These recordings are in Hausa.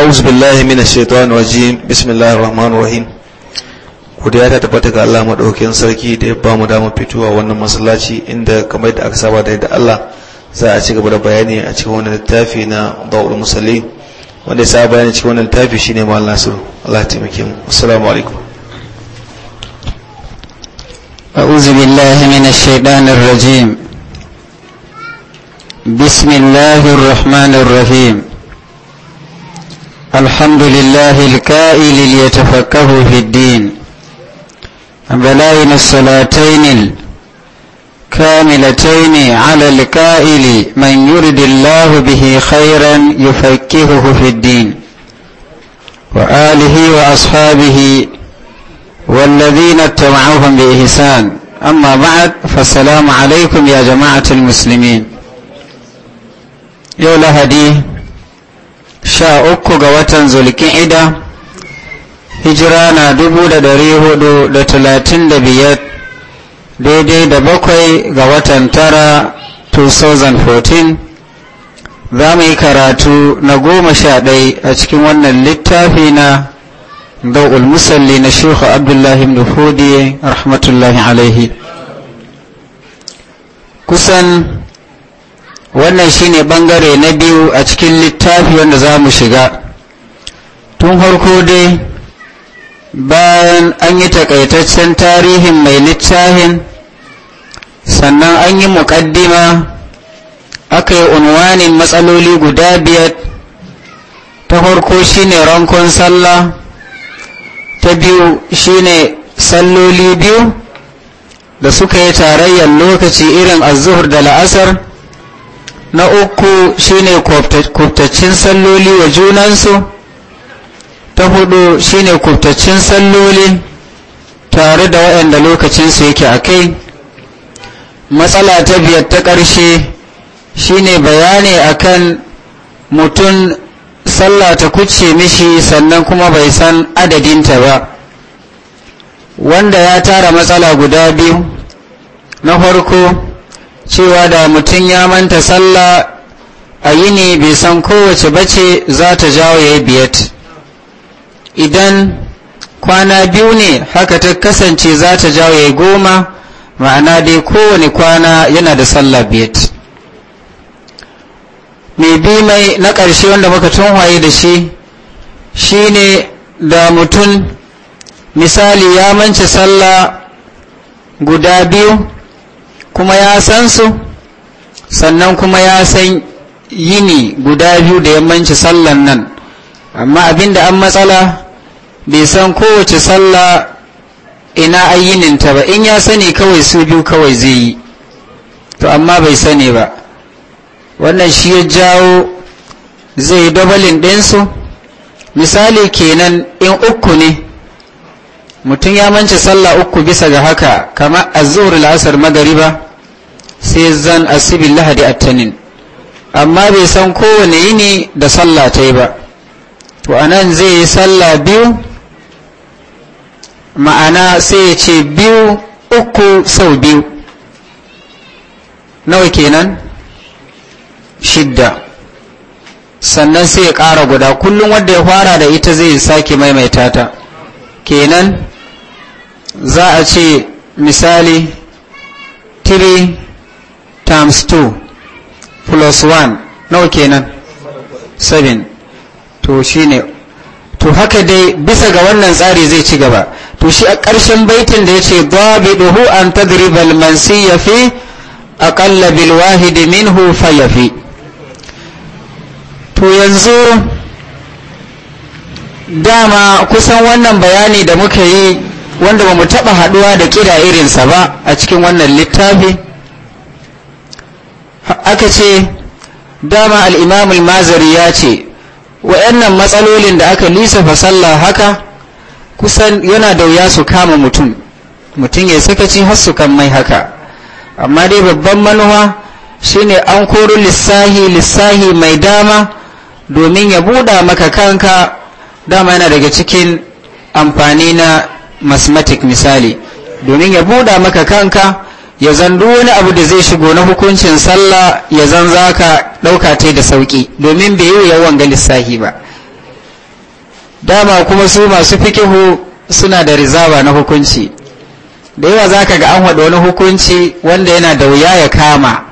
أعوذ بالله من الشيطان الرجيم بسم الله الرحمن الرحيم kudiya ta tabbata ga Allah madaukakin sarki da ya ba mu damar fitowa wannan masallaci inda kamar da aka saba da yadda Allah za a ci gaba da bayani a cikin wannan littafi na Dawul Musallin wanda ya sa bayani cikin wannan littafi shine Malam Nasir Allah ya taimake mu assalamu alaikum أعوذ بالله من الشيطان الرجيم بسم الله الرحمن الحمد لله الكائل ليتفكه في الدين بلائن الصلاتين الكاملتين على الكائل من يرد الله به خيرا يفكهه في الدين وآله وأصحابه والذين اتبعوهم بإحسان أما بعد فالسلام عليكم يا جماعة المسلمين يولا هديه sha uku ga watan ida hijira na dubu da dari hudu da talatin da biyar daidai da bakwai ga watan tara 2014 za mu yi karatu na goma sha ɗai a cikin wannan littafi na da'ul musalli na shekhu abdullahi nufodiyar rahmatullahi alaihi kusan wannan shine bangare na biyu a cikin littafi wanda za mu shiga tun farko dai bayan an yi takaitaccen tarihin mai littafin sannan an yi muƙaddima aka yi unwanin matsaloli guda biyar ta farko shine rankon sallah ta biyu shine salloli biyu da suka yi tarayyar lokaci irin azuhur da la'asar na uku shine kubtaccen salloli wa junansu ta hudu shine kubtaccen salloli tare da waɗanda lokacinsu yake a kai matsala ta biyar ta ƙarshe shine bayani akan mutum sallah ta kuce mishi sannan kuma bai san adadinta ba wanda ya tara matsala guda biyu na farko cewa da mutum ya manta sallah a yi ne bai san kowace bace za ta jawo ya yi biyat idan kwana biyu ne haka ta kasance za ta jawo ya yi goma ma'ana dai kowane kwana yana da sallah biyat mai bi mai na ƙarshe wanda muka waye da shi shine da mutum misali ya manci sallah guda biyu kuma ya san su sannan kuma ya san yini guda biyu da yammanci sallan nan amma abinda an matsala bai san kowace sallah ina ayyininta ba in ya sani kawai su biyu kawai zai yi to amma bai sani ba wannan shi ya jawo zai dabalin ɗinsu misali kenan in uku ne mutum ya manci sallah uku bisa ga haka kamar azzuhur la'asar magariba sai zan asibin lahadi attanin amma bai san kowane yini da sallah ta yi ba to anan zai yi sallah biyu ma'ana sai ya ce biyu uku sau biyu nawa kenan shidda sannan sai ya ƙara guda kullum wanda ya fara da ita zai sake maimaita ta kenan za a ce misali 3 times 2 plus 1 nawa kenan 7 to ne to haka dai bisa ga wannan tsari zai ci gaba to shi a ƙarshen baitin da ya ce dabiduhu an tadribal mansi fi bilwahidi bil hufa ya fi to yanzu dama kusan wannan bayani da muka yi wanda ba mu taɓa haɗuwa da ƙira irinsa ba a cikin wannan littafi aka ce dama al'imamul mazari ya ce wa'yannan matsalolin da aka lissafa sallah haka kusan yana da wuya su kama mutum mutum ya sakaci har su kan mai haka amma dai babban manuwa shine an koru lissahi lissahi mai dama domin ya buɗa maka kanka dama yana daga cikin amfani na mathematic misali domin ya buɗa maka kanka ya zan wani abu da zai shigo na hukuncin sallah ya zan za ka ɗauka ta da sauƙi domin bai yi yawan ga lissafi ba dama kuma su masu fikihu suna da rizaba na hukunci da yawa za ka ga an waɗa wani hukunci wanda yana da wuya ya kama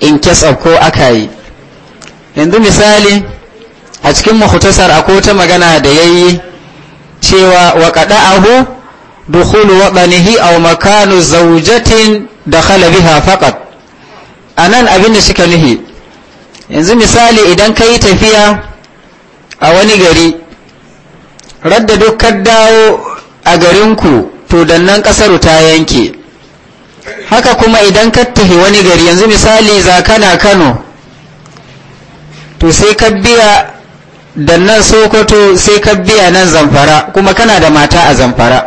in case of ko aka yi yanzu misali a cikin mahutasar akwai ta magana da ya yi cewa wa abu dukulu waɗanihi a makanu zaujatin da biha faƙat a nan abin da suka nuhi yanzu misali idan ka tafiya a wani gari radda dukkan dawo a garinku to dannan ƙasaru ta yanke haka kuma idan ka tafi wani gari yanzu misali za kana kano to sai ka biya da nan sokoto sai ka biya nan zamfara kuma kana da mata a zamfara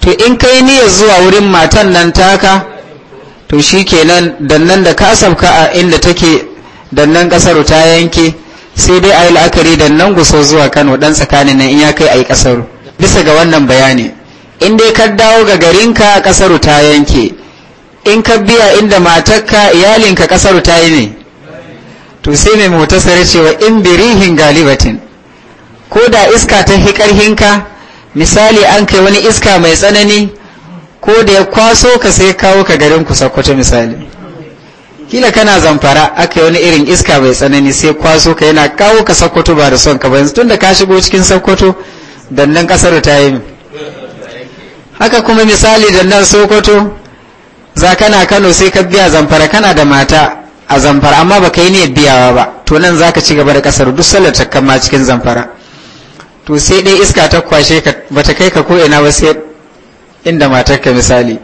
to in kai niyyar zuwa wurin matan nan taka to shi kenan dannan da ka sabka a inda take dannan kasar ta yanke sai dai a yi la'akari dannan guso zuwa kano dan tsakanin nan in ya kai a yi kasar bisa ga wannan bayani in dai ka dawo ga garinka kasar ta yanke in ka biya inda matarka iyalinka kasar ta yi ne to sai mai motasar cewa in birihin galibatin ko da iska ta hi ƙarhinka misali an kai wani iska mai tsanani ko da ya kwaso ka sai kawo ka garin ku sakkwato misali kila kana zamfara aka yi wani irin iska mai tsanani sai kwaso ka yana kawo ka sakkwato ba da son ka bayan tun da ka shigo cikin sakkwato nan kasar ta yi haka kuma misali nan sokoto za kana kano sai ka biya zamfara kana da mata a zamfara amma ba kai ne biyawa ba to nan za ka ci gaba da kasar duk sallar ta kama cikin zamfara to sai dai iska ta kwashe ka bata kai ka ko ina ba sai inda matar ka misali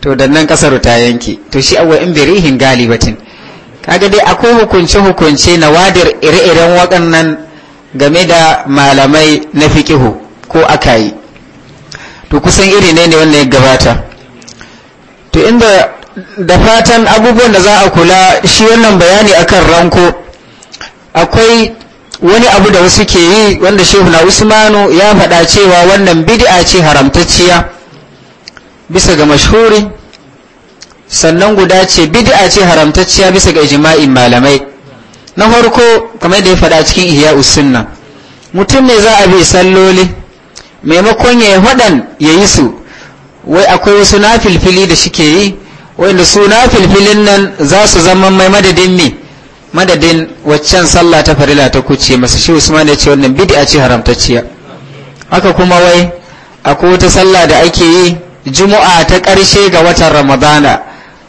to da nan kasar ta yanke to shi awwa in birihin galibatin kaga dai akwai hukunce hukunce na wadir ire-iren waɗannan game da malamai na fiqihu ko aka to kusan iri ne ne wannan ya gabata to inda da fatan abubuwan da za a kula shi wannan bayani akan ranko akwai wani abu da wasu ke yi wanda shehu na usmanu ya faɗa cewa wannan bid'a ce haramtacciya bisa ga mashhuri sannan guda ce bid'a ce haramtacciya bisa ga ijma'in malamai na farko kamar da ya faɗa cikin ihya usunna mutum ne za a bi salloli maimakon ya yi waɗan ya yi su wai akwai wasu na filfili da shi ke yi wanda su na filfilin nan za su zama mai madadin ne madadin waccan sallah ta farila ta kuce masa shi usman ya ce wannan a ce haramtacciya haka kuma wai akwai wata sallah da ake yi juma'a ta ƙarshe ga watan ramadana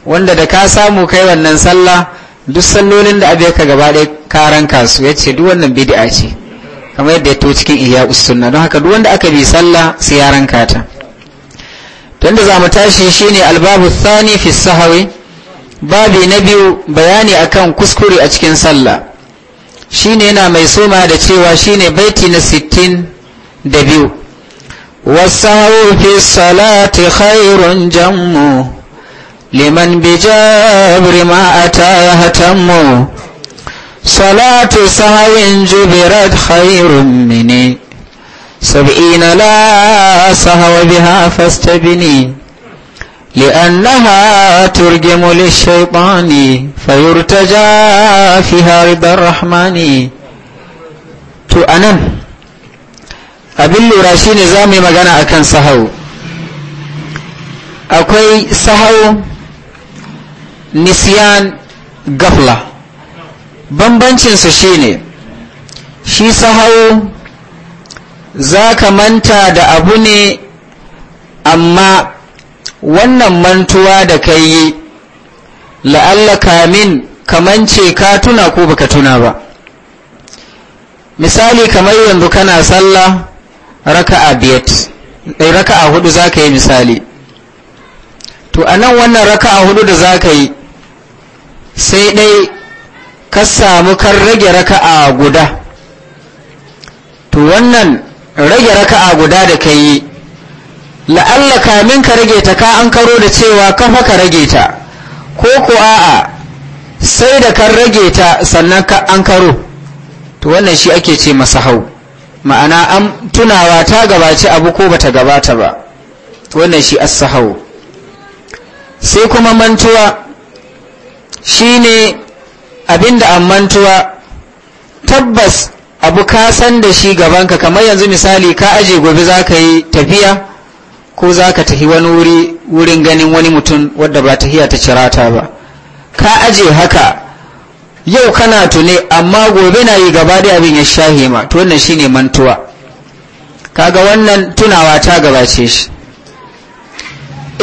wanda da ka samu kai wannan sallah duk sallolin da abe ka gaba ɗaya karan kasu ya ce duk wannan a ce kamar yadda ya to cikin iya usunna don haka duk wanda aka bi sallah sai ya ranka ta tunda za mu tashi shi ne albabu thani fi sahawi babi na biyu bayani akan kuskure a cikin sallah Shi ne yana mai soma da cewa shi shine baiti na 60 da biyu wasahu fi salati khairun jammu liman bijabri ma a ta hatanmu. salatu sahawin jubirat khairun mini سبعين لا سهو بها فاستبني لأنها ترجم للشيطان فيرتجى فيها رضا الرحمن تؤنن abin lura shi za mu yi magana a kan sahau akwai sahau nisyan gafla bambancinsu shi ne shi sahau za ka manta da abu ne amma wannan mantuwa da ka yi la'alla kamin kamance ka tuna ko baka tuna ba misali kamar yanzu kana sallah raka'a biyat eh, raka'a hudu za ka yi misali to a nan wannan raka'a hudu da za ka yi sai ɗai ka samu kan rage raka'a guda to wannan rage raka'a guda da ka yi la'alla kamin ka rage ta ka an karo da cewa kafa ka rage ta ko ko a'a sai da kan rage ta sannan ka an karo to wannan shi ake ce masa hau ma'ana an tunawa ta gabaci abu ko bata gabata ba wannan shi as-sahau sai kuma mantuwa shine abinda an mantuwa tabbas abu ka san da shi gabanka kamar yanzu misali ka aje gobe za ka yi tafiya ko za ka tafi wani wuri wurin ganin wani mutum wadda ba tafiya ta cirata ba ka aje haka yau kana tune amma gobe na yi gaba da abin ya shahe ma to wannan shine mantuwa kaga wannan tunawa ta gabace shi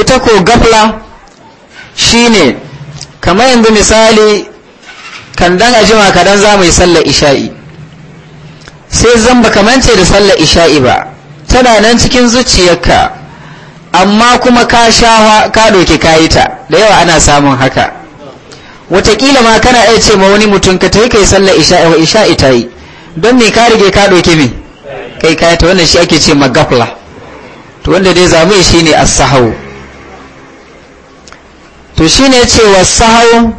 ita ko gafla shine kamar yanzu misali kan dan ajima kadan za mu yi sallar isha'i sai zan baka mance da sallar isha'i ba tana nan cikin zuciyarka amma kuma ka shawa ka doke kayi ta da yawa ana samun haka watakila ma kana iya ce ma wani mutum ka tayi kai sallar isha'i wa isha'i ta yi don me ka rige ka doke me kai kayi ta wannan shi ake ce ma gafla to wanda dai zamu shine as-sahau to shine cewa sahau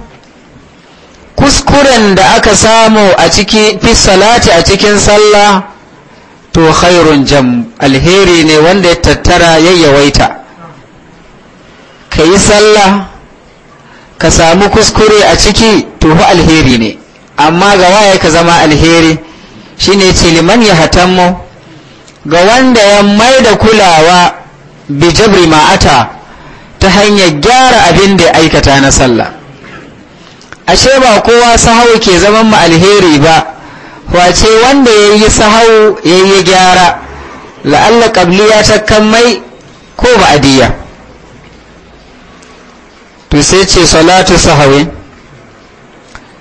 kuskuren da aka samu a ciki fi salati a cikin sallah to khairun jam alheri ne wanda ya tattara yayyawaita ka yi sallah ka samu kuskure a ciki to fa alheri ne amma ga waye ka zama alheri shine ce liman ya ga wanda ya mai da kulawa bi jabri ma'ata ta hanyar gyara abin da aikata na sallah ashe ba kowa sahau ke zaman mu alheri ba wace wanda ya yi sahau ya yi gyara la'alla ƙabliya ta kan mai ko ba'adiyya to sai ce salatu sahawi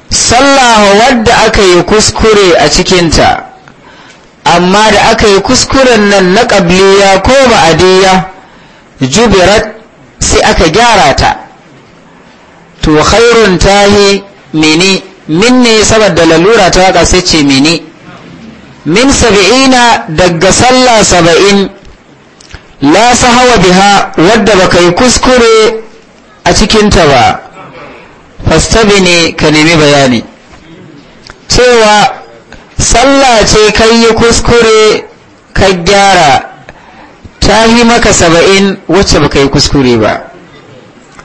sallah wadda aka yi kuskure a cikinta amma da aka yi kuskuren nan na ƙabliya ko ba'adiyya jubirat sai aka gyara ta to khairun tahi mini minni saboda lalura ta waka sai ce mini min saba'ina daga sallah saba'in la sahawa biha wadda baka yi kuskure a cikinta ba fastabi ne ka nemi bayani cewa sallah ce kai yi kuskure ka gyara ta yi maka saba'in wacce baka yi kuskure ba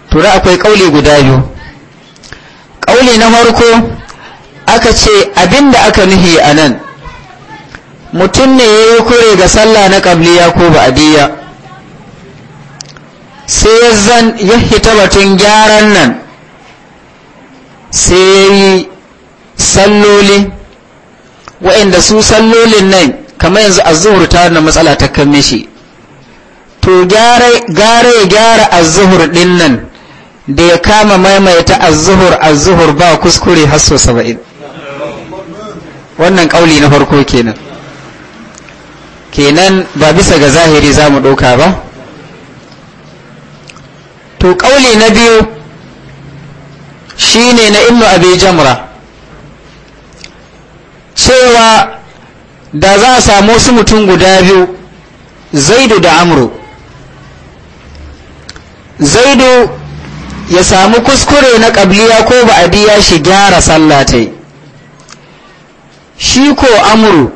tura akwai ƙauli guda biyu ƙauli na farko aka ce abinda aka nuhi a nan mutum ne ya yi kure ga sallah na ƙabliya ko ba'adiyya sai zan ya hita batun gyaran nan sai ya yi salloli waɗanda su sallolin nan kamar yanzu azuhur ta na matsala ta kan mishi to gyara ya gyara azuhur ɗin nan da ya kama maimaita az-zuhur az-zuhur ba kuskure har so wannan kauli na farko kenan kenan ba bisa ga zahiri za mu ɗauka ba to kauli na biyu shi ne na inu abin jamra cewa da za a samu su mutum guda biyu zaidu da amuru zaidu ya samu kuskure na ƙabliya ko biya shi gyara sallah ta shi ko amuru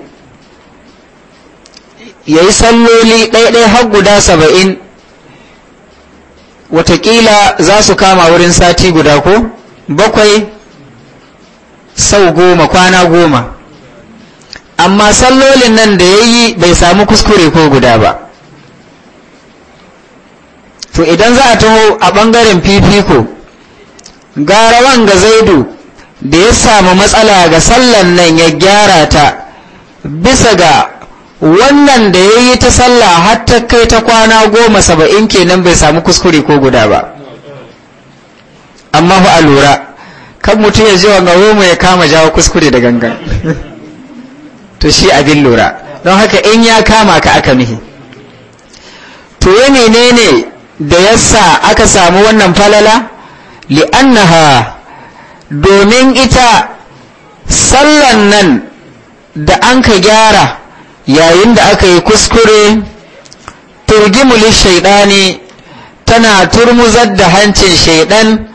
ya yi salloli ɗaiɗai har guda saba'in watakila za su kama wurin sati guda ko bakwai sau goma kwana goma amma sallolin nan da ya yi bai samu kuskure ko guda ba to idan za a taho a ɓangaren fifiko gara wanga zaidu da ya samu matsala ga sallan nan ya gyara ta bisa ga wannan da ya yi ta sallah har ta kai ta kwana goma saba'in kenan bai samu kuskure ko guda ba amma fa a lura kan mutum ya jiwa wa goma ya kama jawo kuskure da gangan to shi abin lura don haka in ya kama ka aka mihi to ya menene da yasa aka samu wannan falala li'annaha domin ita sallan nan da an ka gyara yayin da aka yi kuskure turgimuli shaidani tana turmuzar da hancin shaidan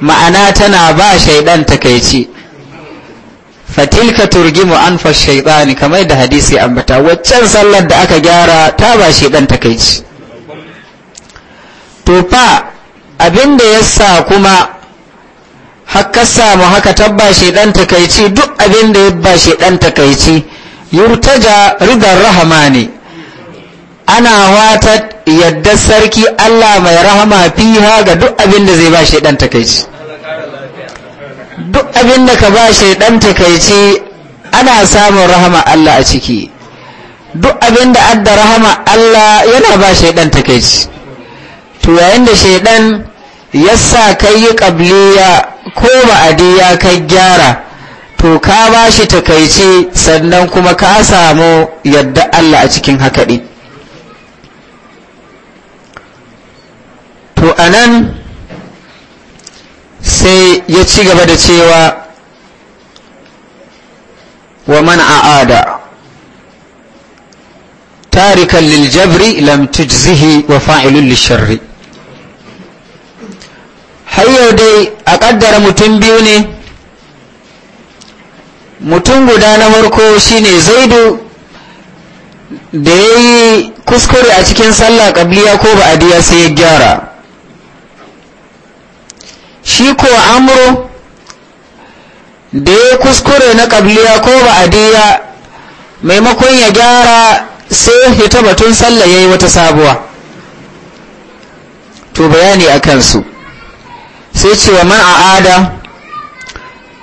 ma'ana tana ba shaidan takaici fatilka turgimu an fa shaidani kamar da hadisi ambata waccan sallar da aka gyara ta ba shaidan takaici to fa abin da ya sa kuma haka samu haka tabba shaidan takaici duk abin da ya ba shaidan takaici yurtaja ridar ne ana wata yadda sarki Allah mai rahama fiha ga duk abin da zai ba shaidan takaici duk abin da ka ba shaidan takaici ana samun rahama Allah a ciki duk abin da adda rahama Allah yana ba shaidan takaici to yayin da shaidan ya sa ka yi ƙabliya ko ya ka gyara to ka ba shi takaici sannan kuma ka samu yadda Allah a cikin hakaɗi to a nan sai ya ci gaba da cewa wa man a'ada tarikan liljabri lam tujzihi wa fa'ilun lisharri har yau dai a ƙaddara mutum biyu ne mutum guda na farko shine zaidu da ya yi kuskure a cikin sallah ƙabliya ko ba'adiyya sai ya gyara shi ko amuro da ya kuskure na ƙabliya ko ba'adiyya maimakon ya gyara sai ya batun sallah ya yi wata sabuwa to bayani a kansu sai ce wa man ada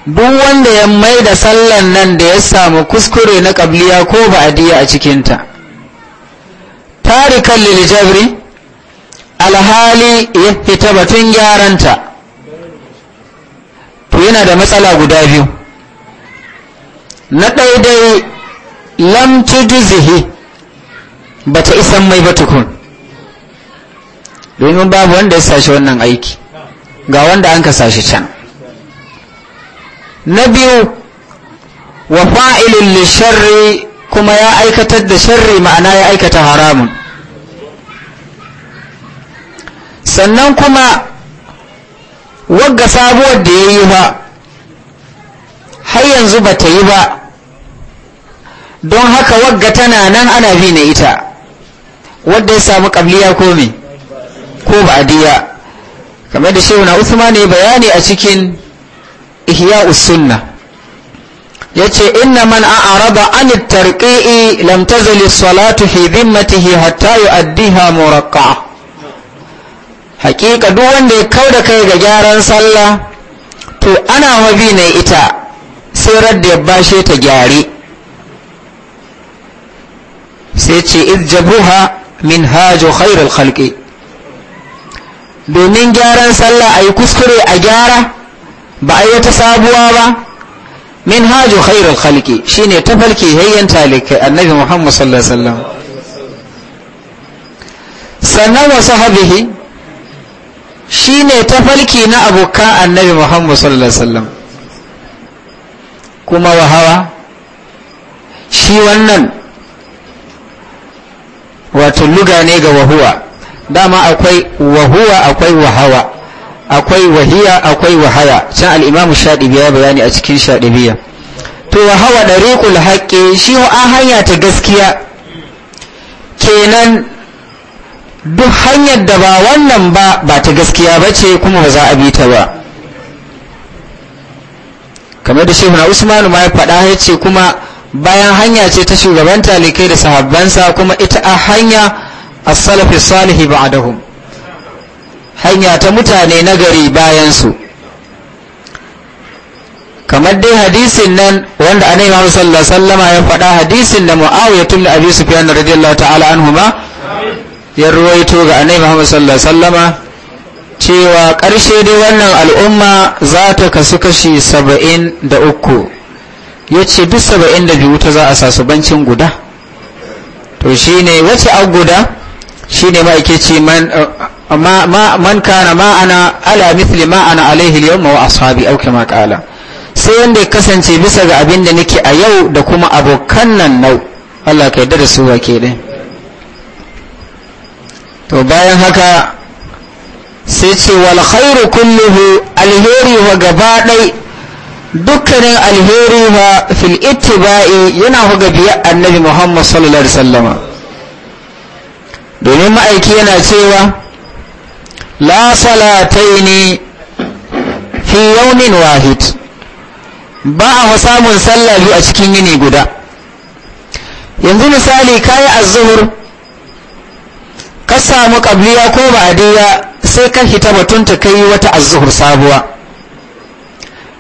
duk wanda ya mai da sallan nan da ya samu kuskure na kabliya ko ba a cikinta tarikan liljabri alhali ya fita batun gyaranta to yana da matsala guda biyu na ɗaiɗai lamtu juzihi ba ta isan mai ba tukun domin babu wanda ya sashi wannan aiki ga wanda an kasa shi can na biyu wa fa'ilin lisharri kuma ya aikatar da sharri ma'ana ya aikata haramun sannan kuma wagga sabuwar da ya yi ba har yanzu ba ta yi ba don haka wagga tana nan ana bi na ita wadda ya samu ƙabliya ko me ko ba'adiyya kamar da shehu na Uthman bayani a cikin ihya sunna yace inna man araba an at-tarqi'i salatu fi dhimmatihi hatta yu'addiha muraka. haƙiƙa duk wanda ya kauda kai ga gyaran sallah to ana mabi ne ita sai radda ya bashe ta gyare sai ce jabuha min hajo khairul khalqi domin gyaran sallah a yi kuskure a gyara ba a yi wata sabuwa ba min hajju khairul ne ta falke hayyan talikai annabi muhammad sallallahu alaihi wasu sannan shi ne ta falke na abokan annabi muhammad sallallahu alaihi kuma wa hawa shi wannan wato luga ne ga wahuwa dama akwai wahuwa akwai wahawa akwai wahiya akwai wahaya can al'imamu ya bayani a cikin shaɗibiya to wahawa ɗariƙul haƙƙi shi a hanya ta gaskiya kenan duk hanyar da ba wannan ba ba ta gaskiya ba ce kuma ba za a bi ta ba kamar da shehu na usmanu ma ya faɗa ce kuma bayan hanya ce ta shugaban talikai da sahabbansa kuma ita a hanya as-salafi salihi ba'dahum hanya ta mutane nagari bayan su kamar dai hadisin nan wanda annabi Muhammad sallallahu alaihi wasallam ya faɗa hadisin da Muawiyah tun da Abi Sufyan radiyallahu ta'ala anhuma ya ruwaito ga annabi Muhammad sallallahu alaihi wasallam cewa ƙarshe dai wannan al'umma za ta kasu kashi saba'in da uku ya ce duk saba'in da biyu ta za a sasu bancin guda to shine wace aguda guda shi ne ma'aikaci ce man kana ma'ana ala mithli ma'ana alaihi liyan mawa ashabi au kama kala sai wanda ya kasance bisa ga abin da nake a yau da kuma abokan nan nau Allah ka yadda da su wa to bayan haka sai ce wal khairu kulluhu alheri wa gaba ɗai dukkanin alheri wa fil ittiba'i yana ga biya annabi Muhammad sallallahu alaihi wasallama domin ma'aiki yana cewa la salataini fi yaunin wahid ba a samun sallah biyu a cikin yini guda yanzu misali kayi zuhur? ka samu kabliya ko ba'adiyya sai ka hita ta kai wata zuhur sabuwa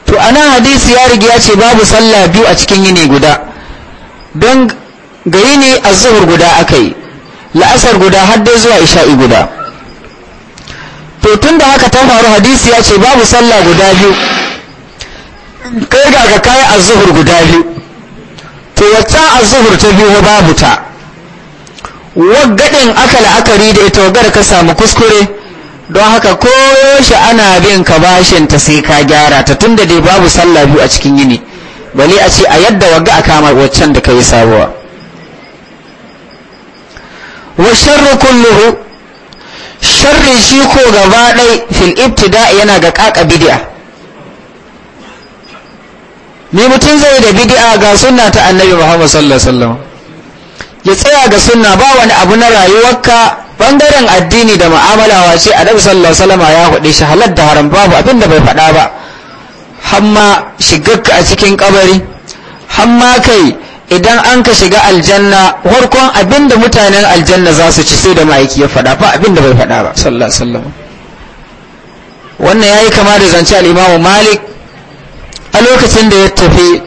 to ana hadisi ya riga ya ce babu sallah biyu a cikin yini guda don ga yini zuhur guda aka yi la'asar guda har dai zuwa isha'i guda to tun da haka ta faru hadisi ya ce babu sallah guda biyu kai ga ka kayi azuhur guda biyu to wacce azuhur ta biyu babu ta waggadin aka la'akari da ita waggar ka samu kuskure don haka ko shi ana bin ka bashin ta sai ka gyara ta tunda dai babu sallah biyu a cikin yini bali a ce a yadda wagga a kama waccan da ka yi sabuwa wa sharru kulluhu sharri shi ko gaba ɗai fil ibtida yana ga kaka bid'a ni mutum zai da bid'a ga sunna ta annabi Muhammad sallallahu alaihi wasallam ya tsaya ga sunna ba wani abu na rayuwarka bangaren addini da mu'amala ce annabi sallallahu alaihi wasallam ya hudi shi halal da haram babu abin da bai fada ba hamma shigarka a cikin kabari hamma kai idan an ka shiga aljanna farkon abinda mutanen aljanna za su ci sai da ma'aiki ya faɗa ba abinda bai faɗa ba sallallahu alaihi wannan yayi kama da zance al Malik a lokacin da ya tafi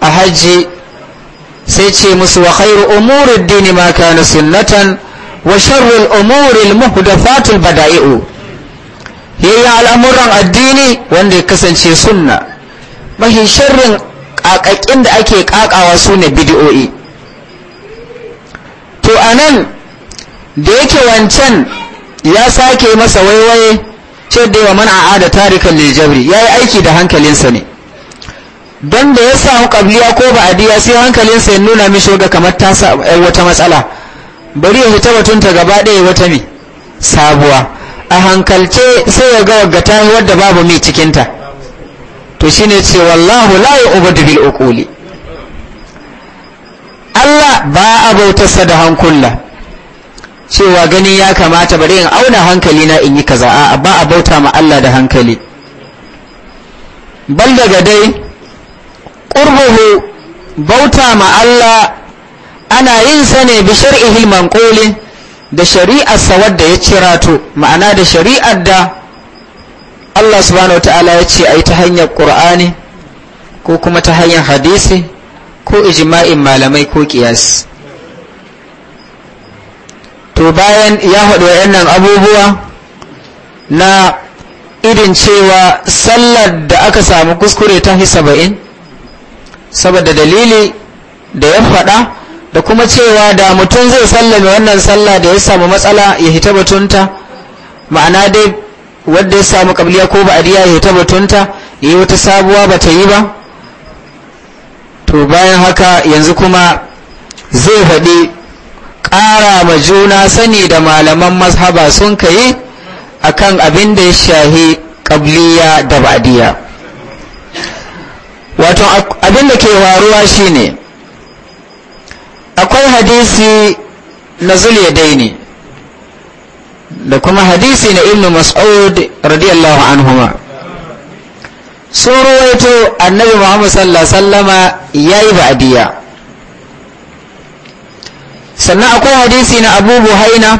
a haji sai ce musu wa khairu dini ma kana sunnatan wa sharrul umuri al-muhdathatul bada'i'u yayi al'amuran addini wanda ya kasance sunna mahi sharrin ƙaƙaƙin da ake ƙaƙawa su ne bidiyo'i to a nan da yake wancan ya sake masa waiwaye ce da yawa mana a'ada tarikan liljabri ya yi aiki da hankalinsa ne don da ya samu ƙabliya ko ba diya sai hankalinsa ya nuna mishi ga kamar ta eh, wata matsala bari ya fita ta gaba ɗaya wata ne sabuwa a hankalce sai ya ga wagga ta wadda babu mai cikinta to shine ce wallahu la yu'budu bil uquli Allah ba a bautarsa da hankula cewa ganin ya kamata bari in auna hankali na in yi kaza a ba a bauta ma Allah da hankali bal daga dai qurbuhu bauta ma Allah ana yin sa ne bi shar'ihil manqulin da shari'ar sa wadda ya cira cirato ma'ana da shari'ar da Allah subhanahu wata'ala ya ce a yi ta hanyar ƙur'ani ko kuma ta hanyar hadisi ko ijma'in malamai ko kiyasi. to bayan ya haɗu wa'annan abubuwa na irin cewa sallar da aka samu kuskure ta fi saba'in saboda dalili da ya faɗa da kuma cewa da mutum zai sallame wannan sallah da ya samu matsala ya hita batunta ma'ana dai wadda ya samu kabliya ko ba'diya ya ta batunta yi wata sabuwa ba ta yi ba to bayan haka yanzu kuma zai faɗi ƙara ma juna sani da malaman mazhaba sun ka yi a kan abin da ya shahi kabliya da ba'diya wato abin da ke waruwa shine akwai hadisi na zuliyadaini da kuma hadisi na ibnu mas'ud radiyallahu anhuma sun ruwaito annabi muhammad sallallahu sallama ya yi ba'adiyya sannan akwai hadisi na abu buhaina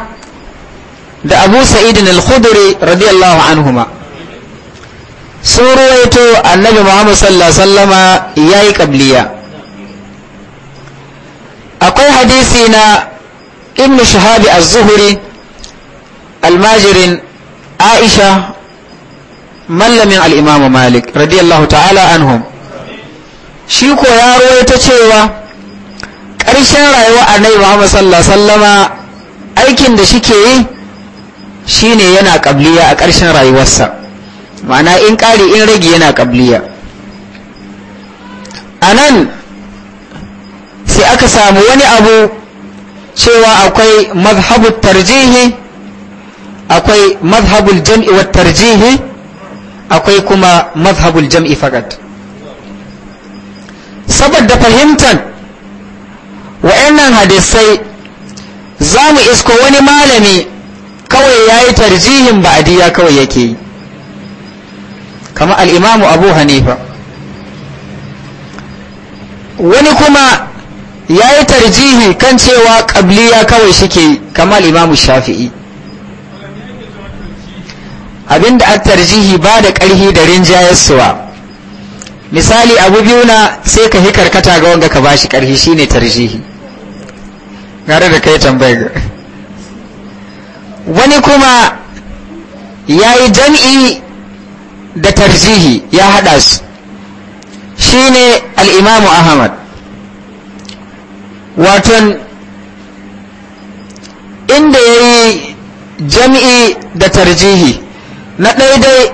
da abu sa'idin al-khudri radiyallahu anhuma sun ruwaito annabi muhammad sallallahu sallama ya yi ƙabliya akwai hadisi na ibnu shahabi az-zuhri almajirin aisha mallamin al'imamu malik radiyallahu ta'ala anhum shi ko ya ta cewa ƙarshen rayuwa annabi muhammad sallallahu sallama aikin da shi ke yi shine yana ƙabliya a ƙarshen rayuwarsa ma'ana in ƙari in rage yana ƙabliya a nan sai aka samu wani abu cewa akwai mazhabu tarjihi akwai madhabul jam'i wa tarjihi akwai kuma madhabul jam'i fakat saboda fahimtar wa'annan hadisai za mu isko wani malami kawai ya yi tarjihin ba'adiyya kawai yake yi kama al'imamu abu hanifa wani kuma ya yi tarjihi kan cewa ƙabliya kawai shi ke kama al'imamu shafi'i abinda a tarjihi ba da ƙarhi da rinjayarsuwa misali abu biyu na sai ka hi karkata ga wanda ka bashi ƙarhi shine tarjihi gare da kai tambayar wani kuma ya yi jam'i da tarjihi ya haɗa su shine al'imamu ahmad waton inda ya yi jam'i da tarjihi na dai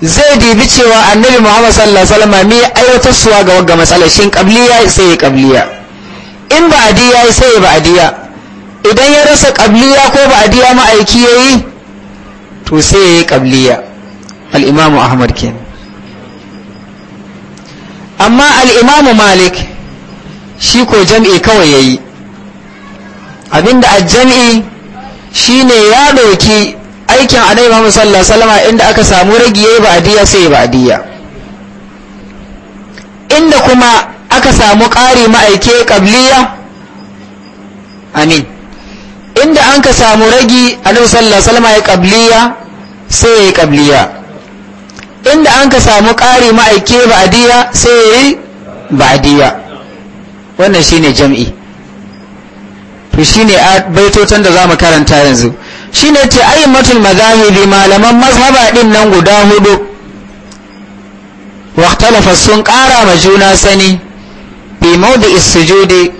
zai dibi cewa annabi muhammad sallallahu alaihi wasallam mai aiwatar suwa ga wagga matsalar shin qabliya sai ya qabliya in ba'diya sai ya adiya idan ya rasa qabliya ko ba'diya ma'aiki yayi to sai ya yi qabliya al-imamu ahmad kenan amma al-imamu malik shi ko jam'i kawai yayi abinda a jam'i shine ya ɗauki aikin annabi Muhammad sallallahu alaihi wasallam inda aka samu ragi ya yayi ba'diya sai ya ba'diya inda kuma aka samu ƙari ma'aike qabliya amin inda an ka samu ragi annabi sallallahu alaihi wasallam ya qabliya sai ya yayi qabliya inda an ka samu ƙari ma'aike ba'diya sai ya yayi ba'diya wannan shine jam'i to shine a baitotan da za mu karanta yanzu shine ce ayyimatul mazahibi malaman mazhaba din nan guda hudu واختلف sun ƙara ma juna sani bi mawdi sujudi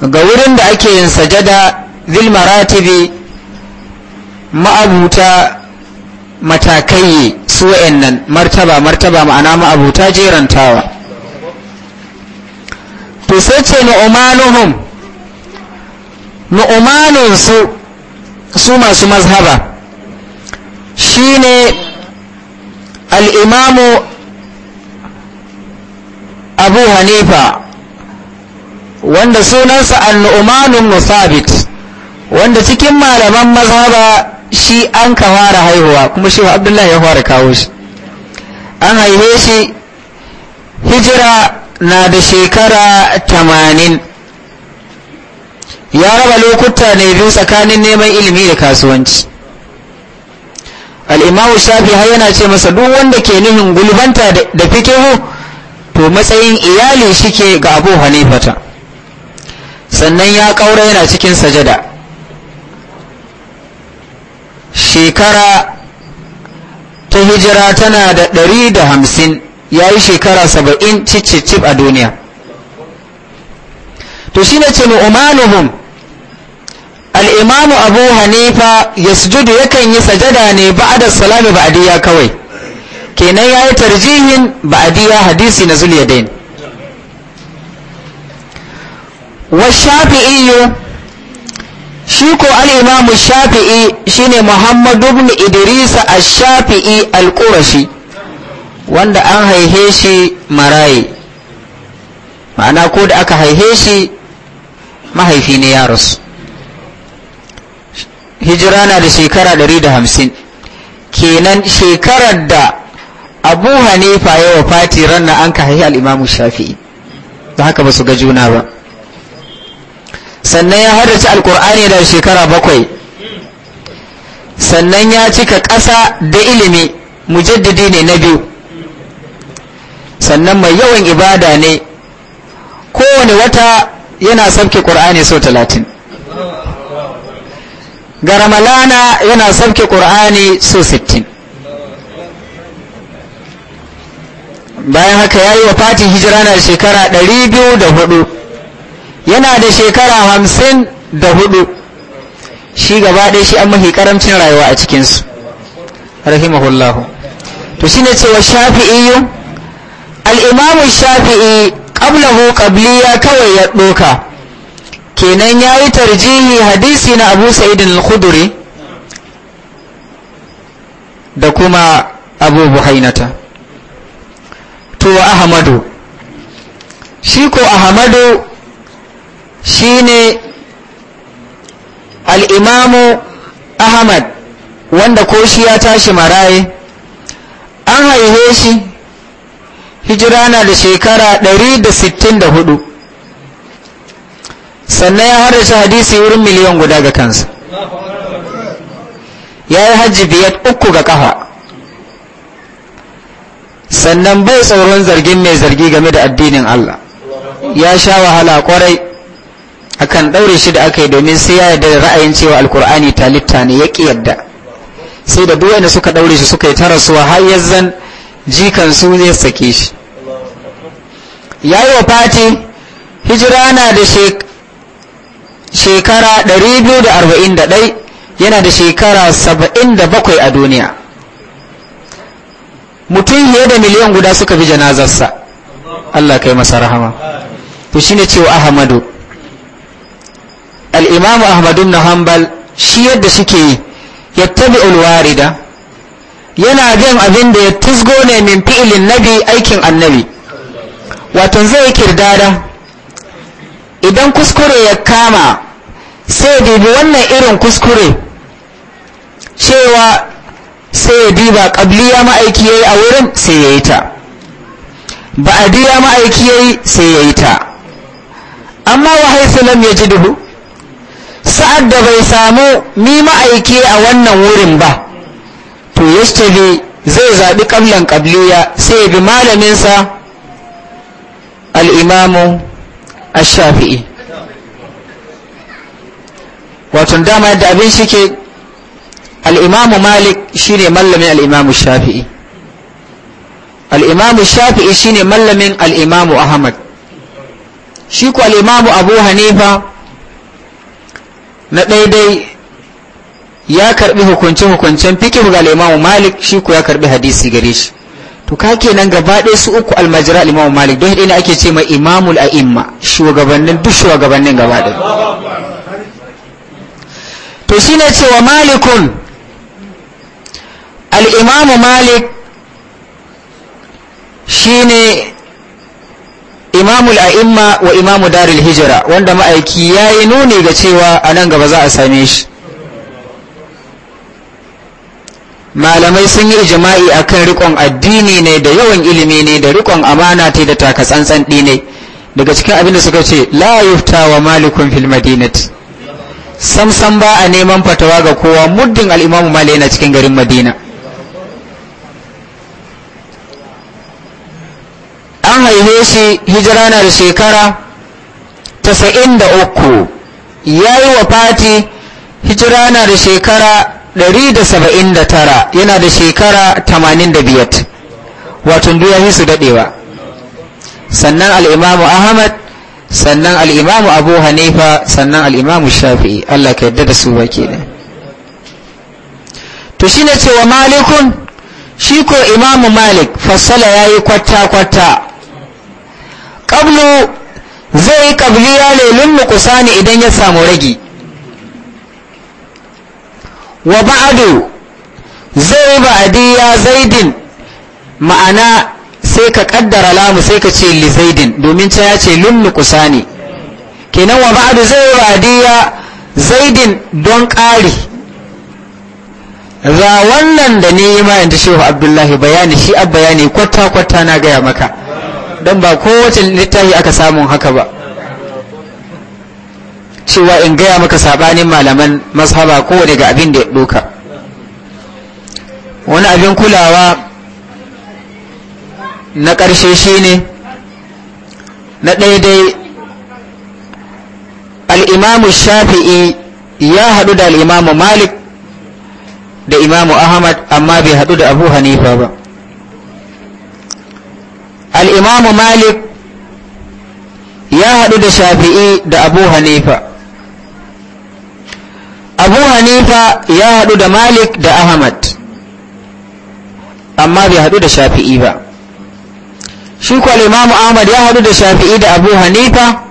ga wurin da ake yin sajada zil maratibi ma'abuta matakai su nan martaba martaba ma'ana ma'abuta jerantawa to sai ce nu'umanuhum nu'umanun su su masu mazhaba shine al'imamu abu hanifa wanda sunansa al’umanin musabit wanda cikin malaman mazhaba shi an kawara haihuwa kuma shi abdullahi ya fara kawo shi an haife shi hijira na da shekara tamanin ya raba lokuta ne biyu tsakanin neman ilimi da kasuwanci al'imamu shafi har yana ce masa duk wanda ke nihin gulbanta da fikihu to matsayin iyali shike ga abu hanifata sannan ya ƙaura yana cikin sajada shekara ta hijira tana da ɗari da hamsin ya yi shekara saba'in cicicif a duniya to shi ne ce mu'umanuhum al'imamu abu hanifa ya sujudu yakan yi sajada ne da salami ba'adiyya kawai kenan ya yi tarjihin ba'adiyya hadisi na zuliyadain washafi'iyu shi ko al'imamu shafi'i shi ne muhammadu bin idrisa a shafi'i alƙurashi wanda an haihe shi maraye ma'ana ko da aka haihe shi mahaifi ne ya rasu hijira na da shekara da hamsin kenan shekarar da abu hanifa ya fati ranar an ka haihi al'imamu shafi'i da haka ba su ga juna ba sannan ya haddace alkur'ani da shekara bakwai sannan ya cika ƙasa da ilimi mujaddidi ne na biyu sannan mai yawan ibada ne kowane wata yana sabke ƙur'ani sau talatin ga ramalana yana sauke ƙur'ani su 60 bayan haka ya yi wa fatin hijira na shekara 204 yana da shekara 54 shi gaba ɗaya shi an mahi karamcin rayuwa a cikinsu rahimahullahu to shi ne cewa shafi'iyu al'imamun shafi'i ƙablahu ƙabliya kawai ya ɗoka kenan yi tarjihi hadisi na Abu sa'idin al da kuma Abu Buhainata to ahamadu shi ko ahamadu shi ne imamu Ahmad wanda ko shi ya tashi maraye an haihe shi hijira na da shekara 164 sannan ya har shi hadisi wurin miliyan guda ga kansa ya yi hajji biyar uku ga kafa sannan bai tsoron zargin mai zargi game da addinin Allah ya sha wahala kwarai akan ɗaure shi da aka yi domin sai ya yarda da ra'ayin cewa alkur'ani talitta ne ya ƙi yadda sai da duwanda suka ɗaure shi suka yi ta rasuwa har zan jikan su ne sake shi ya yi wa fati hijira na da shekara 241 yana da shekara 77 a duniya mutum fiye da miliyan guda suka bi janazarsa Allah kai masa rahama to shine cewa Ahmadu al-Imam Ahmad ibn Hanbal shi yadda suke yi yattabi'ul warida yana bin abin da ya tusgo ne min fi'ilin nabi aikin annabi wato zai kirdada idan kuskure ya kama sai dubi wannan irin kuskure cewa sai ya diba ya ma'aiki ya yi a wurin sai ya yi ta Ba a diya ma'aiki ya yi sai ya yi ta amma wa ya ji duhu sa'ad da bai samu ni ma'aiki a wannan wurin ba to yastabi zai zaɓi ƙablan ƙabliya sai ya bi malaminsa al'imamu ash-shafi'i wato dama yadda abin shi ke al'imamu malik shi ne mallamin al'imamu shafi'i al'imamu shafi'i shi ne mallamin al'imamu ahmad shi ku al'imamu abu hanifa na daidai ya karbi hukunce hukuncin fikihu ga al'imamu malik shi ku ya karbi hadisi gare shi to ka kenan gaba ɗaya su uku almajira al-imam malik don hidai ne ake ce mai imamul a'imma shugabannin duk shugabannin gaba ɗaya to shine cewa malikun al'imamu malik malik ne imamul a'imma wa imamu daril hijira wanda ma'aiki ya yi nuni ga cewa a nan gaba za a same shi malamai sun yi ijma'i kan rikon addini ne da yawan ilimi ne da rikon amana ta da taka tsantsan ne daga cikin abin da suka ce la yufta wa malikun fil madinat samsam ba a neman fatawa ga kowa muddin al'imamu malik yana cikin garin madina an haife shi hijira na da shekara 93 ya yi wa fati hijira na da shekara 179 yana da shekara 85 wato duk ya su dadewa sannan al'imamu ahmad sannan al'imamu abu hanifa sannan al'imamu shafi'i allah ka yadda da su ba ke to shi ne cewa malikun shi ko imamu malik fassala ya yi kwata kwata. ƙablu zai yi ƙabliya lelun nukusa idan ya samu ragi wa ba'adu zai ya zaidin ma'ana sai ka kaddara lamu sai ka ce li zaidin domin ta ya ce lullu ne kenan wa ba'adu zai ya zaidin don ƙari za wannan da ne ma yanta shehu abdullahi bayani shi abbayani bayani kwata-kwata na gaya maka don ba kowace littafi aka samun haka ba cewa in gaya maka sabanin malaman mazhaba ko daga abin da ya doka wani abin kulawa na ƙarshe shine na daidai al'imamu shafi'i ya haɗu da al'imamu malik da imamu ahmad amma bai haɗu da abu hanifa ba al'imamu malik ya haɗu da shafi'i da abu hanifa abu hanifa ya haɗu da malik da ahmad amma bai haɗu da shafi'i ba shi Kwale imamu ahmad ya haɗu da shafi'i da abu hanifa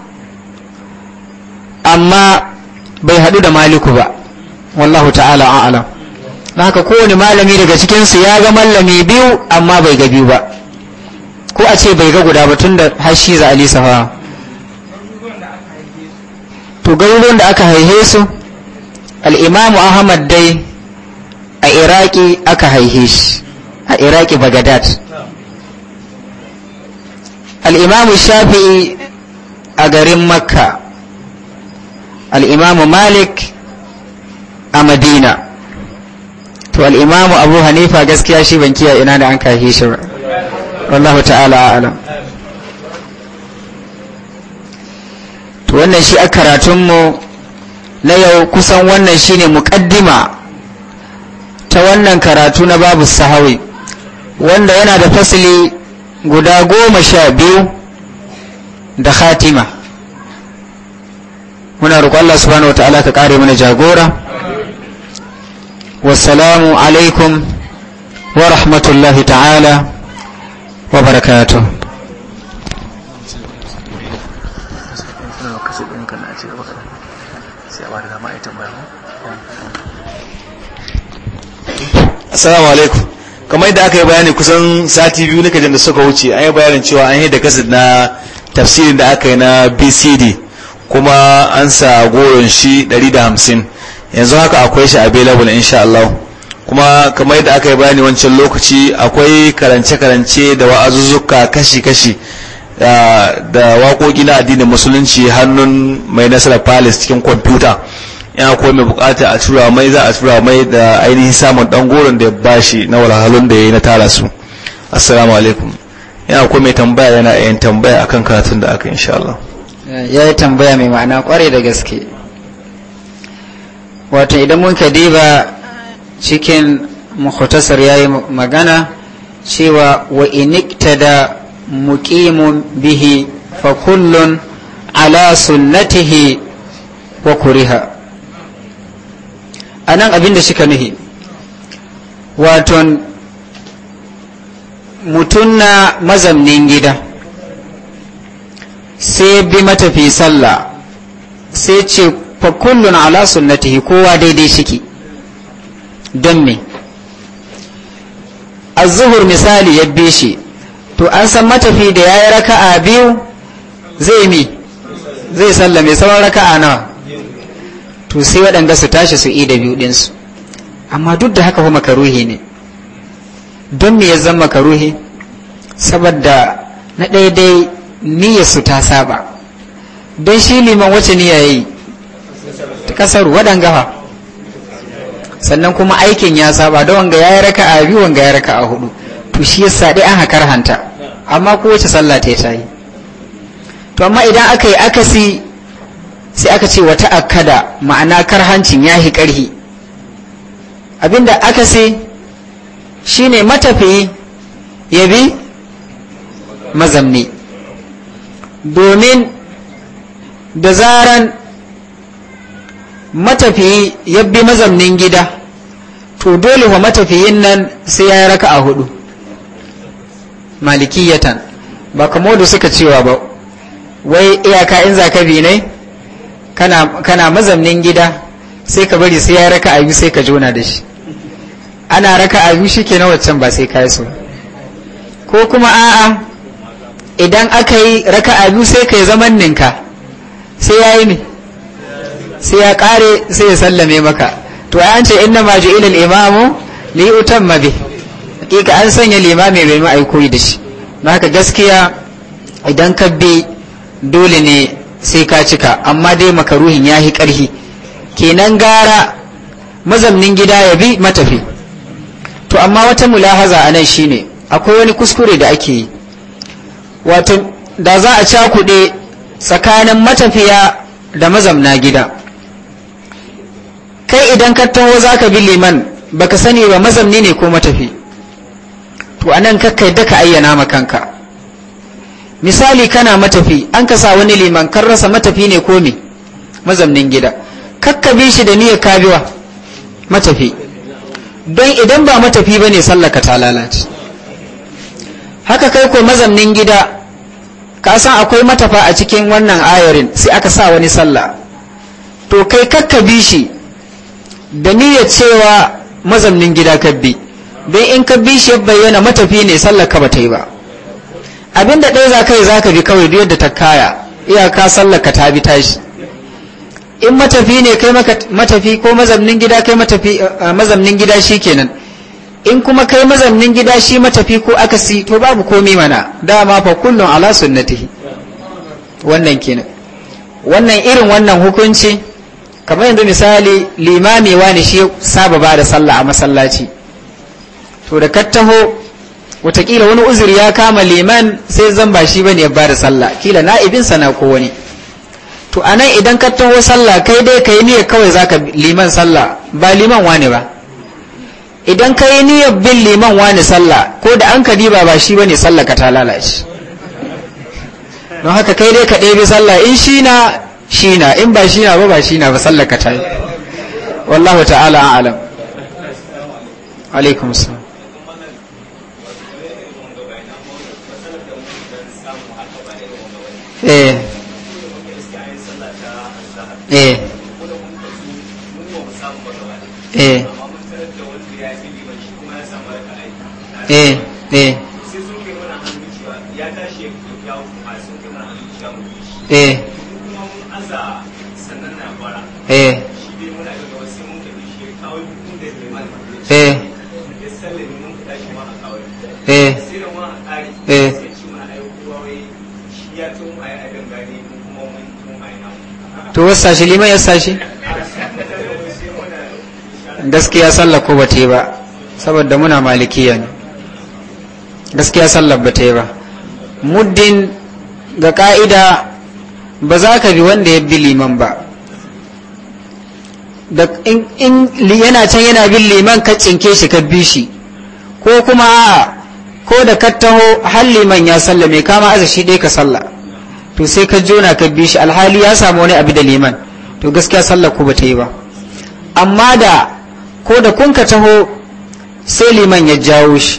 amma bai haɗu da maliku ba wallahu ta'ala a'ala na haka kowane malami daga cikinsu ya ga mallami biyu amma bai ga biyu ba ko a ce bai ga guda ba tun da hashi za a lisa to garuruwan da aka haihe su al'imamu ahmad dai a iraki aka haihe shi a iraki bagadad al'imamu shafi'i a garin makka al'imamu malik a madina to al'imamu abu hanifa gaskiya shi ban kiya ina da an kahe shi ba wallahu ta'ala alam to wannan shi a karatunmu na yau kusan wannan shine muƙaddima ta wannan karatu na babu sahawi wanda yana da fasili guda goma sha biyu da khatima muna roƙon Allah subhanahu wa ta'ala ka ƙare mana jagora wasalamu alaikum wa rahmatullahi ta'ala wa barakatuh assalamu alaikum kamar yadda aka yi bayani kusan sati biyu nake jin da suka wuce an yi bayanin cewa an yi da kasid na tafsirin da aka yi na bcd kuma an sa goron shi da hamsin yanzu haka akwai shi a available insha Allah kuma kamar yadda aka yi bayani wancan lokaci akwai karance-karance da wa'azuzzuka kashi-kashi da waƙoƙi na addinin musulunci hannun mai nasarar palace cikin kwamfuta yana akwai mai bukata a tura mai za a tura mai da ainihin samun dan goron da ya bashi na walhalun da ya yi na tara su assalamu alaikum yana akwai mai tambaya yana yin tambaya akan karatun da aka insha Allah ya yi tambaya mai ma'ana kwarai da gaske wato idan mun ka diba cikin mukhtasar yayi magana cewa wa iniktada muqimun bihi fa kullun ala sunnatihi wa kuriha a nan abin da suka nuhi waton mutum na mazamnin gida sai bi matafi sallah sai ce fa kullun ala sunnatihi kowa daidai shiki don me zuhur misali ya bi shi to an san matafi da ya yi raka'a biyu zai mi zai sallame sauran raka'a nawa to sai waɗanda su tashi su da biyu ɗinsu amma duk da haka fa makaruhi ne don me ya zama makaruhi saboda na daidai niyyar su ta saba don shi liman wace niyya yi ta kasar waɗanda fa sannan kuma aikin ya saba da wanga ya raka a biyu wanga ya raka a hudu to shi yasa dai an hakar hanta amma kowace sallah ta yi to amma idan aka yi akasi sai aka ce wata akada ma'ana kar ya yi karhi abinda aka sai shine matafiyi ya bi mazamni domin da zaran matafiyi ya bi mazamnin gida to dole wa matafiyin nan sai ya raka a hudu malikiyatan ba kamo da suka cewa ba wai iyaka in zakabi ne kana kana mazamnin gida sai ka bari sai ya raka ayu sai ka jona da shi ana raka ayu na waccan ba sai yi so ko kuma a'a idan aka yi raka ayu sai ka yi zaman ninka sai ya yi ne sai ya kare sai ya sallame maka to an ce ina ma ju'ila al-imamu yi utan mabe hakika an sanya limami mai ma'aikoyi da shi don haka gaskiya idan ka bi dole ne sai ka cika amma dai makaruhin ya yi karhi kenan gara mazamnin gida ya bi matafi to amma wata mulahaza a nan shine akwai wani kuskure da ake yi wato da za a cakuɗe tsakanin matafiya da mazamna gida kai idan ka tawo za ka bi liman baka sani ba mazamni ne ko matafi to anan kakkai daka ayyana ma kanka misali kana matafi an ka sa wani liman kan rasa matafi ne ko me mazamnin gida kakka bi shi da niyyar kabiwa matafi don idan ba matafi bane sallaka ta lalace haka kai ko mazamnin gida ka san akwai matafa a cikin wannan ayarin sai aka sa wani sallah to kai kakka bi shi da niyyar cewa mazamnin gida kabbi don in ka bi shi bayyana matafi ne sallaka ba ta yi ba abinda ɗaya za ka yi za ka bi kawai duk yadda ta kaya iyaka sallaka ta bi tashi in matafi ne kai matafi ko mazamnin gida kai matafi mazamnin gida shi kenan in kuma kai mazamnin gida shi matafi ko akasi to babu komi mana dama fa kullun ala sunnatihi wannan kenan wannan irin wannan hukunci kamar yanzu misali limami wani shi saba ba da sallah a masallaci to da kattaho watakila wani uzuri ya kama liman sai zan ba shi bane ya bada sallah kila na'ibin sana ko wani to anan idan ka taho sallah kai dai ka yi niyyar kawai zaka liman sallah ba liman wani ba idan ka yi niyyar bin liman wani sallah ko da an ka diba ba shi bane sallah ka ta lalace don haka kai dai ka ɗebe sallah in shi na shi na in ba shi na ba ba shi na ba sallah ka ta yi wallahu ta'ala a'alam alaikum salam eh eh eh eh eh eh sashi shi ya sashi shi gaskiya sallah ko bata yi ba saboda muna malikiya ne gaskiya sallah bata yi ba muddin ga ka'ida ba za ka bi wanda ya bi liman ba da in yana can yana bin liman ka cinke shi ka bi shi ko kuma ko da ka taho har liman ya sallame kama aza shi dai ka sallah to sai ka jona ka bi shi alhali ya samu wani abu da liman to gaskiya sallar ku bata yi ba amma da ko da kun ka taho sai liman ya jawo shi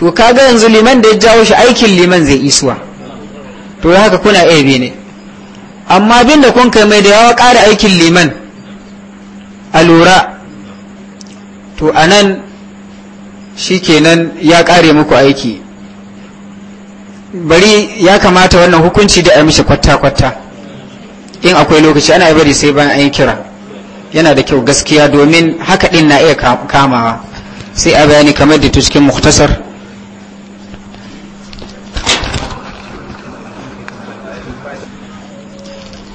to kaga yanzu liman da ya jawo shi aikin liman zai isuwa to ya haka kuna ebe ne amma bin da kun kai mai da yawa kara aikin liman a lura to anan shi kenan ya kare muku aiki bari ya kamata wannan hukunci da a mishi kwata-kwata in akwai lokaci ana bari sai bayan an yi kira yana da kyau gaskiya domin haka din na iya kamawa sai a bayani kamar da cikin muktasar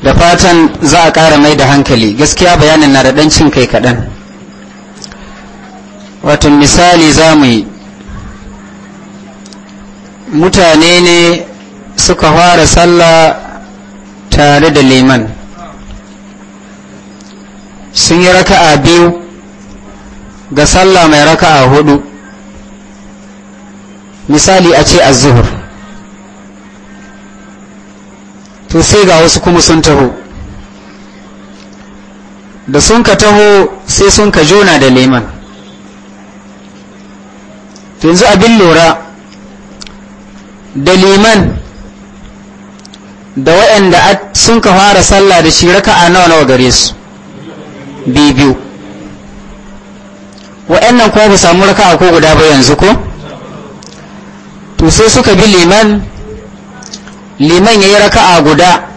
da fatan za a kara mai da hankali gaskiya bayanin na da dancin kai kaɗan wato misali za mu yi mutane ne suka fara sallah tare da liman sun yi raka'a biyu ga sallah mai raka'a hudu misali a ce azuhur to sai ga wasu kuma sun taho da sun ka taho sai sun ka jona da liman to yanzu abin lura da liman da waɗanda sun ka fara sallah da shi raka'a nawa nawa gare su biyu waɗannan kuma ba samu raka'a ko guda ba yanzu ko to sai suka bi liman liman ya yi raka'a guda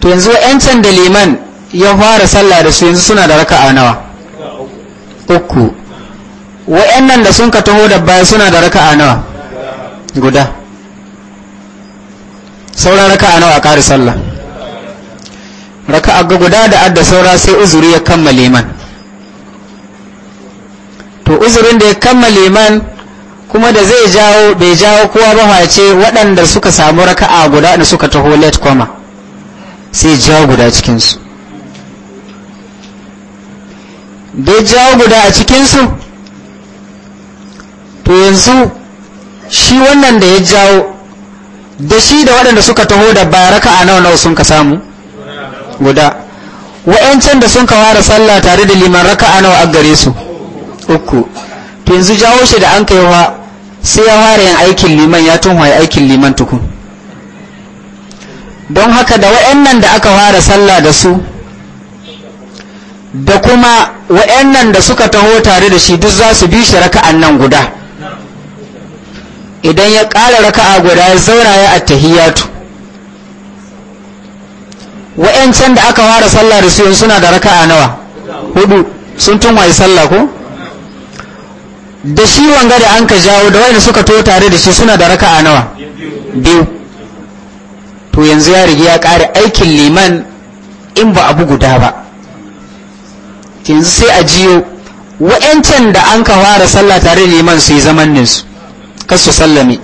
to yanzu waɗancan da liman ya fara sallah da su yanzu suna da raka'a nawa uku waɗannan da sun ka taho da baya suna da raka'a nawa guda sauran raka a nawa ƙari sallah raka a ga guda da adda saura sai uzuri ya kammale man to uzurin da ya kammale man kuma da zai jawo bai jawo kowa ba ce waɗanda suka samu raka a guda da suka taho late kwama sai jawo guda cikinsu da jawo guda a cikinsu to yanzu shi wannan da ya jawo da shi da waɗanda suka taho da baraka a nawa nawa sun ka samu guda wa'yancan da sun kawara sallah tare da liman raka a nawa gare su uku to yanzu jawo shi da an kaiwa sai ya fara yin aikin liman ya tunwaye aikin liman tukun don haka da wa'yannan da aka fara sallah da su da kuma wa'yannan da suka taho tare da shi duk za su bi shi raka'an nan guda idan ya ƙara raka'a guda ya zaura ya attahiyatu wa'yancan da aka fara sallah da su suna da raka'a nawa hudu sun tunwaye sallah ko da shi wanga da an ka jawo da wani suka to tare da shi suna da raka'a nawa biyu to yanzu ya rigi ya ƙare aikin liman in ba abu guda ba yanzu sai a jiyo wa'yancan da an ka fara sallah tare da liman su yi zaman ninsu kasu sallame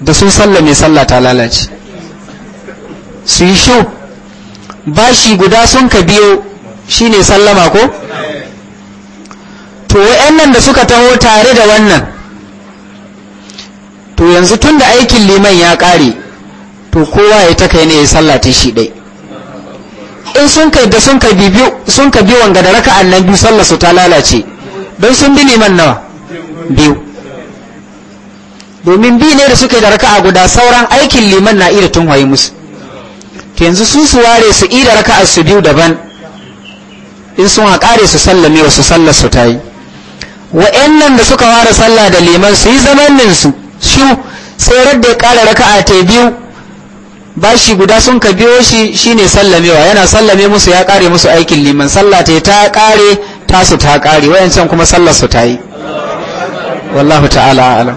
da sun sallame sallah ta lalace su yi shu bashi guda sun ka biyo shi ne sallama ko to yan nan da suka taho tare da wannan to yanzu tun da aikin liman ya kare to kowa ya ta kai ne ya sallata shi dai in sun kai da sun ka biyo wanga da raka'an nan biyu sallar su ta lalace don sun bi liman nawa biyu domin bi ne da suke da raka'a guda sauran aikin liman na iya tunwaye musu to yanzu su su ware su ida raka'a su biyu daban in sun kare su sallame wasu sallar su ta yi wa'annan da suka ware sallah da liman su yi zamanin su shi sai radda ya raka'a ta biyu bashi guda sun ka biyo shi shine sallamewa yana sallame musu ya kare musu aikin liman sallah ta ta kare tasu ta kare wayancan kuma sallar su ta yi wallahu ta'ala alam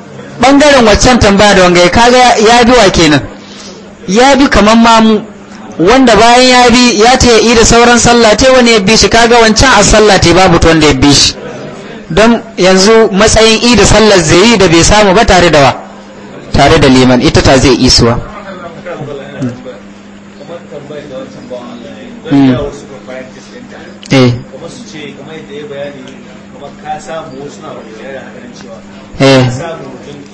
bangaren waccan tambaya da wanga kaga ya bi wa kenan ya bi kaman mamu wanda bayan ya bi ya ta yi da sauran sallah sallate wani ya bi shi kaga wancan a sallah sallate babu ta wanda ya bi shi don yanzu matsayin yi da sallar zai yi da bai samu ba tare da wa tare da liman ita ta zai isuwa hmm. hmm. eh cewa eh. samu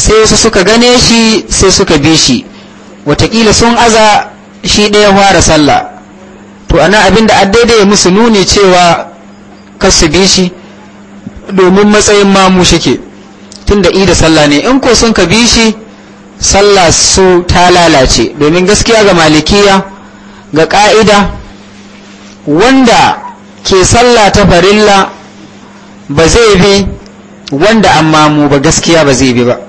sai su suka gane shi sai suka bi shi watakila sun aza shi ɗaya fara sallah to ana da addaida ya musu nuni cewa kasu bi shi domin matsayin mamu shike tun da ida sallah ne in ko sun ka bi shi sallah su ta lalace domin gaskiya ga malikiya ga ka'ida wanda ke sallah ta farilla ba zai bi wanda an mamu ba gaskiya ba zai bi ba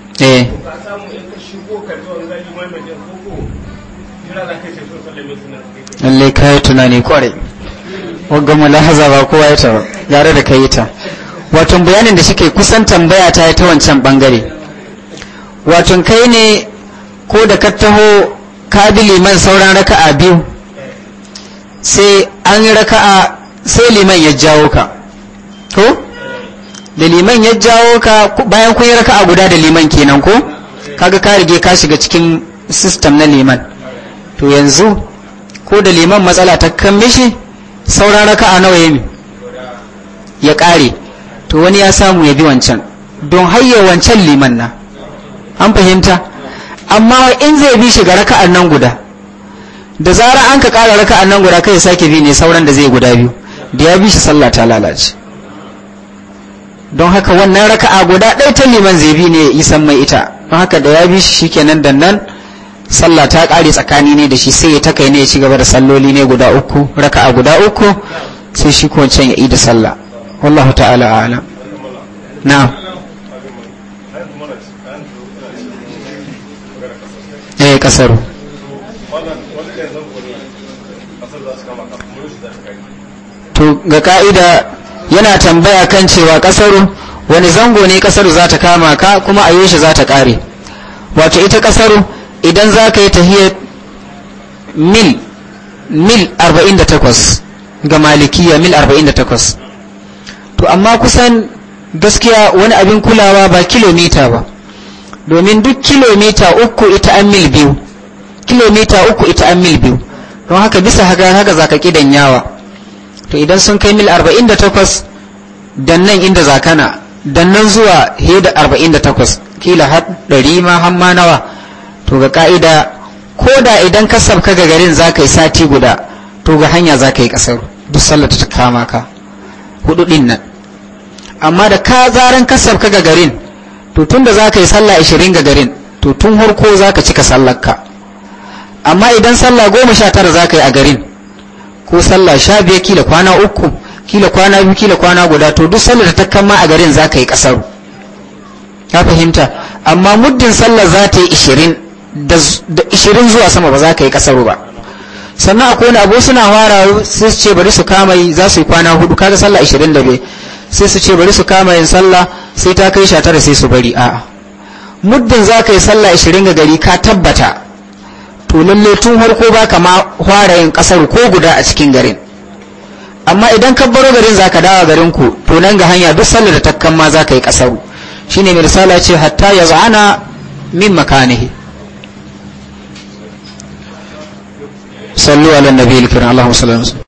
eh lalle ka yi tunani kware wagga mulahaza ba kowa ya taro yare da ka yi ta wato bayanin da suke kusan tambaya ta ta wancan bangare wato kai ne ko da ka taho ka bi liman sauran raka'a biyu sai an yi raka'a sai liman ya jawo ka ko da liman ya jawo ka bayan kun yi raka'a guda da liman kenan ko kaga ka rige ka shiga cikin system na liman to yanzu ko da liman matsala ta kan mishi sauran raka'a nawa ya ya kare to wani ya samu ya bi wancan don hayya wancan liman na an fahimta amma in zai bi shi ga raka'an nan guda da zara an ka kara raka'an nan guda kai sake bi ne sauran da zai guda biyu da ya bi shi sallah ta lalace don haka wannan raka'a guda ɗaya ta liman zai ne ya san mai ita don haka da ya bi shi shikenan da nan sallah ta ƙare tsakani ne da shi sai ya ta kai ne ya ci gaba da salloli ne guda uku raka'a guda uku sai shi ko can ya yi da sallah wallahu ta'ala ala. na eh kasaru to ga ka'ida yana tambaya kan cewa kasaru wani zango ne kasaru za ta kama ka kuma a yoshi za ta kare wato ita kasaru idan za ka yi tahiyar mil mil 48 ga malikiya mil 48 to amma kusan gaskiya wani abin kulawa ba kilomita ba domin duk kilomita uku ita an mil biyu kilomita uku ita an mil biyu don haka bisa haga haka za ka kidan yawa to idan sun kai mil 48 dan nan inda zakana dan nan zuwa he da 48 kila har 100 ma hamma nawa to ga ka'ida ko da idan ka sabka ga garin zaka yi sati guda to ga hanya zaka yi kasar duk sallar ta kama ka hudu din nan amma da ka zaran ka sabka ga garin to tun da za yi sallah 20 ga garin to tun harko zaka cika sallar ka amma idan sallah goma sha tara yi a garin ko sallah sha biyar kila kwana uku kila kwana biyu kila kwana guda to duk sallar ta ma a garin za ka yi ƙasar ka fahimta amma muddin sallar za ta yi ishirin da ishirin zuwa sama ba za ka yi ƙasar ba sannan akwai wani abu suna fara sai su ce bari su kama yi za su yi kwana hudu kaga sallah ishirin da bai sai su ce bari su kama yin sallah sai ta kai sha tara sai su bari a'a muddin za ka yi sallah ishirin ga gari ka tabbata to lalle tun harko ba ka ma fara yin kasar ko guda a cikin garin amma idan ka baro garin zaka dawo garin ku to nan ga hanya duk sallar da takkan ma zaka yi kasar shine mai risala ce hatta ya za'ana min makanihi sallu ala nabiyil kiram allahumma salli